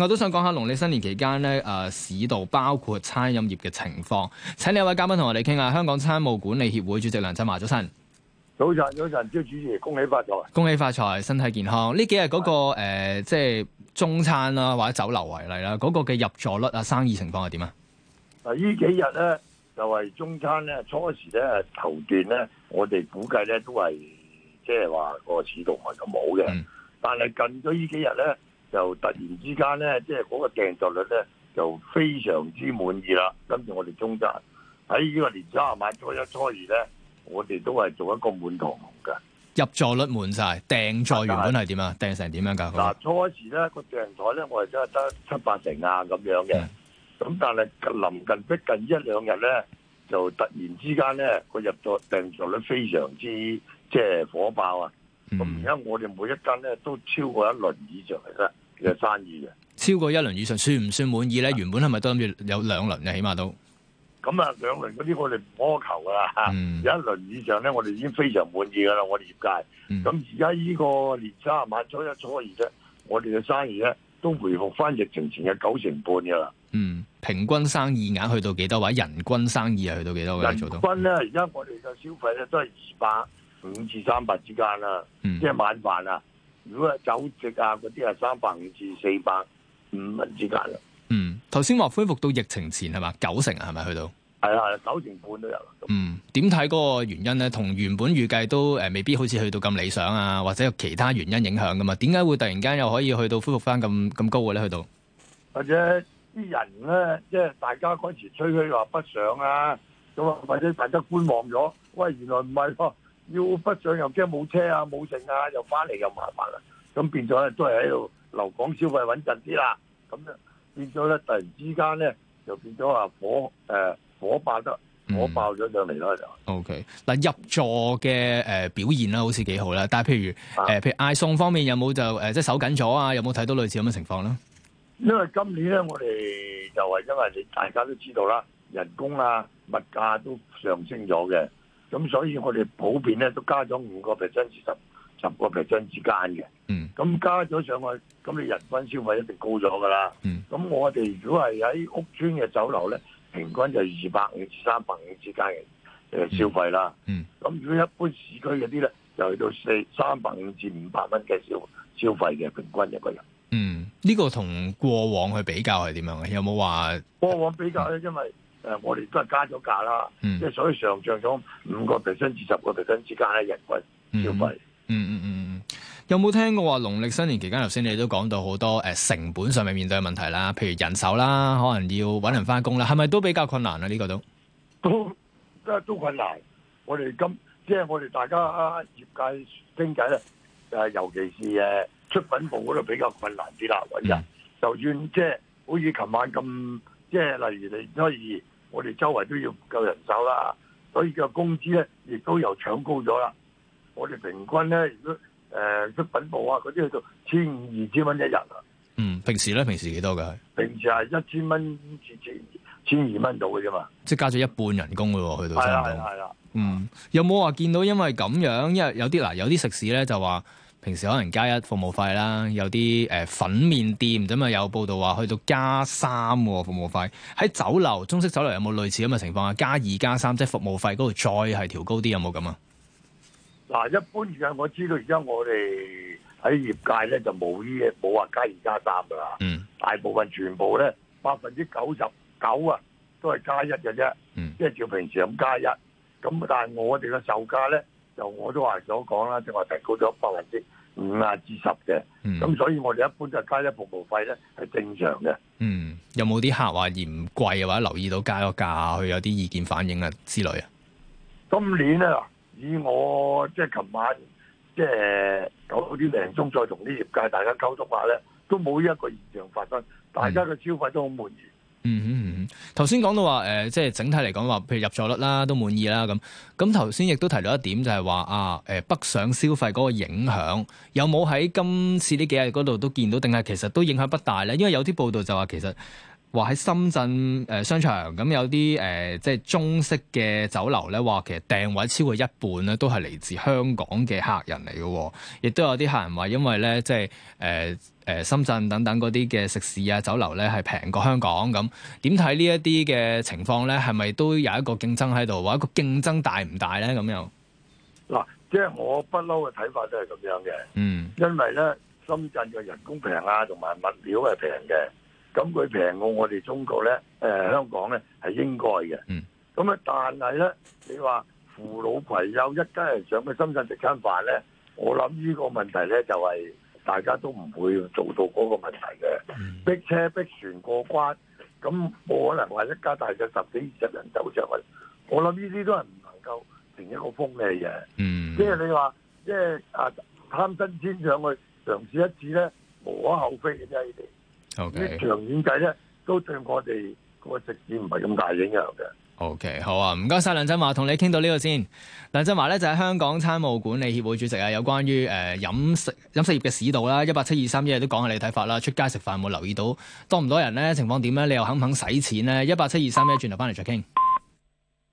我都想講下農曆新年期間咧，誒、啊、市道包括餐飲業嘅情況，請兩位嘉賓同我哋傾下。香港餐務管理協會主席梁振華早晨，早晨早晨，張主持，恭喜發財，恭喜發財，身體健康。呢幾日嗰、那個誒、嗯呃，即係中餐啦，或者酒樓為例啦，嗰、那個嘅入座率啊，生意情況係點啊？嗱，呢幾日咧就係、是、中餐咧，初時咧頭段咧，我哋估計咧都係即係話個市道唔係咁好嘅，嗯、但係近咗呢幾日咧。就突然之間咧，即係嗰個訂座率咧就非常之滿意啦。跟住我哋中集喺呢個年三十晚初一、初二咧，我哋都係做一個滿堂紅嘅。入座率滿晒，訂座原本係點但啊？訂成點樣噶？嗱，初一時咧個訂座咧，我係真係得七八成啊咁樣嘅。咁的但係臨近逼近一兩日咧，就突然之間咧個入座訂座率非常之即係火爆啊！咁而家我哋每一間咧都超過一輪以上嘅嘅生意嘅、嗯，超過一輪以上算唔算滿意咧？嗯、原本係咪都諗住有兩輪嘅起碼都？咁啊，兩輪嗰啲我哋唔苛求噶啦，有、嗯、一輪以上咧，我哋已經非常滿意噶啦。我哋業界，咁而家依個年卅晚初一初二啫，我哋嘅生意咧都回復翻疫情前嘅九成半噶啦。嗯，平均生意額去到幾多位？或者人均生意係去到幾多噶？人均咧，而家我哋嘅消費咧都係二百。五至三百之間啊，即係晚飯啊。如果係酒席嗰啲啊，三百五至四百五蚊之間啦。嗯，頭先話恢復到疫情前係嘛九成啊，係咪去到？係啦，係啦，九成半都有。嗯，點睇嗰個原因咧？同原本預計都誒未必好似去到咁理想啊，或者有其他原因影響噶嘛？點解會突然間又可以去到恢復翻咁咁高嘅咧？去到或者啲人咧，即係大家嗰時吹噓話不上啊，咁啊，或者大家觀望咗，喂，原來唔係咯。要不上又驚冇車啊冇剩啊，又返嚟又麻煩啦，咁變咗咧都係喺度留港消費穩陣啲啦，咁咧變咗咧突然之間咧就變咗話火誒火爆得火爆咗上嚟啦。O K。嗱，入座嘅誒表現咧好似幾好啦，但係譬如誒譬如嗌餸方面有冇就誒即係手緊咗啊？有冇睇到類似咁嘅情況咧？因為今年咧我哋就係因為你大家都知道啦，人工啊物價都上升咗嘅。咁所以，我哋普遍咧都加咗五個 percent 至十十個 percent 之間嘅。嗯。咁加咗上去，咁你人均消費一定高咗噶啦。嗯。咁我哋如果係喺屋邨嘅酒樓咧，平均就二百五至三百五之間嘅、呃、消費啦，嗯。嗯。咁如果一般市區嗰啲咧，就去到四三百五至五百蚊嘅消消費嘅平均一個人。嗯，呢、呢個同過往去比較係點樣啊？有冇話過往比較咧？嗯、因為誒、呃，我哋都係加咗價啦，即係、嗯、所以上漲咗五個 percent 至十個 percent 之間咧，人均消費嗯。嗯嗯嗯嗯，有冇聽過話？農曆新年期間，頭先你都講到好多誒成本上面面對嘅問題啦，譬如人手啦，可能要揾人翻工啦，係咪都比較困難啊？呢、呢個都都都都困難。我哋今即係我哋大家業界傾偈咧，誒、呃，尤其是誒出品部嗰度比較困難啲啦，揾人，嗯、就算即係好似琴晚咁，即係例如你嗰二。所以我哋周圍都要唔夠人手啦，所以個工資咧亦都又搶高咗啦。我哋平均咧，如果誒食品部啊嗰啲去到千二千蚊一日啦。嗯，平時咧，平時幾多㗎？平時係一千蚊至千二蚊度嘅啫嘛。即係加咗一半人工咯，去到差唔多。係啦係啦。啊、嗯，啊、有冇話見到因為咁樣，因為有啲嗱，有啲食肆咧就話。平時可能加一服務費啦，有啲誒、呃、粉麵店咁啊，有報道話去到加三、哦、服務費，喺酒樓中式酒樓有冇類似咁嘅情況啊？加二加三即係服務費嗰度再係調高啲有冇咁啊？嗱，一般嘅我知道而家我哋喺業界咧就冇呢嘢，冇話加二加三噶啦。嗯，大部分全部咧，百分之九十九啊都係加一嘅啫，嗯、即係照平時咁加一。咁但係我哋嘅售價咧，就我都話人所講啦，正話提高咗百分之。五啊至十嘅，咁、嗯、所以我哋一般就加一服務費咧，係正常嘅。嗯，有冇啲客話嫌貴啊？或者留意到加個價，佢有啲意見反映啊之類啊？今年咧，以我即係琴晚即係九點零鐘再同啲業界大家溝通下咧，都冇呢一個現象發生，大家嘅消費都好滿意。嗯嗯嗯嗯嗯，頭先講到話誒，即、呃、係整體嚟講話，譬如入座率啦，都滿意啦咁。咁頭先亦都提到一點就，就係話啊誒、呃，北上消費嗰個影響有冇喺今次呢幾日嗰度都見到，定係其實都影響不大咧？因為有啲報道就話其實。話喺深圳誒商場咁有啲誒、呃、即係中式嘅酒樓咧，話其實訂位超過一半咧都係嚟自香港嘅客人嚟嘅，亦都有啲客人話因為咧即係誒誒深圳等等嗰啲嘅食肆啊酒樓咧係平過香港咁，點睇呢一啲嘅情況咧係咪都有一個競爭喺度，或者一個競爭大唔大咧咁樣？嗱，即係我不嬲嘅睇法都係咁樣嘅，嗯，因為咧深圳嘅人工平啊，同埋物料係平嘅。咁佢平過我哋中國咧，誒、呃、香港咧係應該嘅。咁啊、嗯，但係咧，你話扶老攜幼一家人上去深圳食餐飯咧，我諗呢個問題咧就係、是、大家都唔會做到嗰個問題嘅。嗯、逼車逼船過關，咁冇可能話一家大細十幾二十人走上去。我諗呢啲都係唔能夠成一個風氣嘅。即係你話，即係、就是、啊貪新鮮上去嘗試一次咧，無可厚非嘅啫。呢場遠解咧，都對我哋個職業唔係咁大影響嘅。O K，好啊，唔該晒。梁振華，同你傾到呢度先。梁振華咧就喺香港餐務管理協會主席啊，有關於誒飲食飲食業嘅市道啦。一八七二三一，依家都講下你睇法啦。出街食飯有冇留意到多唔多人咧？情況點咧？你又肯唔肯使錢咧？一八七二三，一，依家轉頭翻嚟再傾。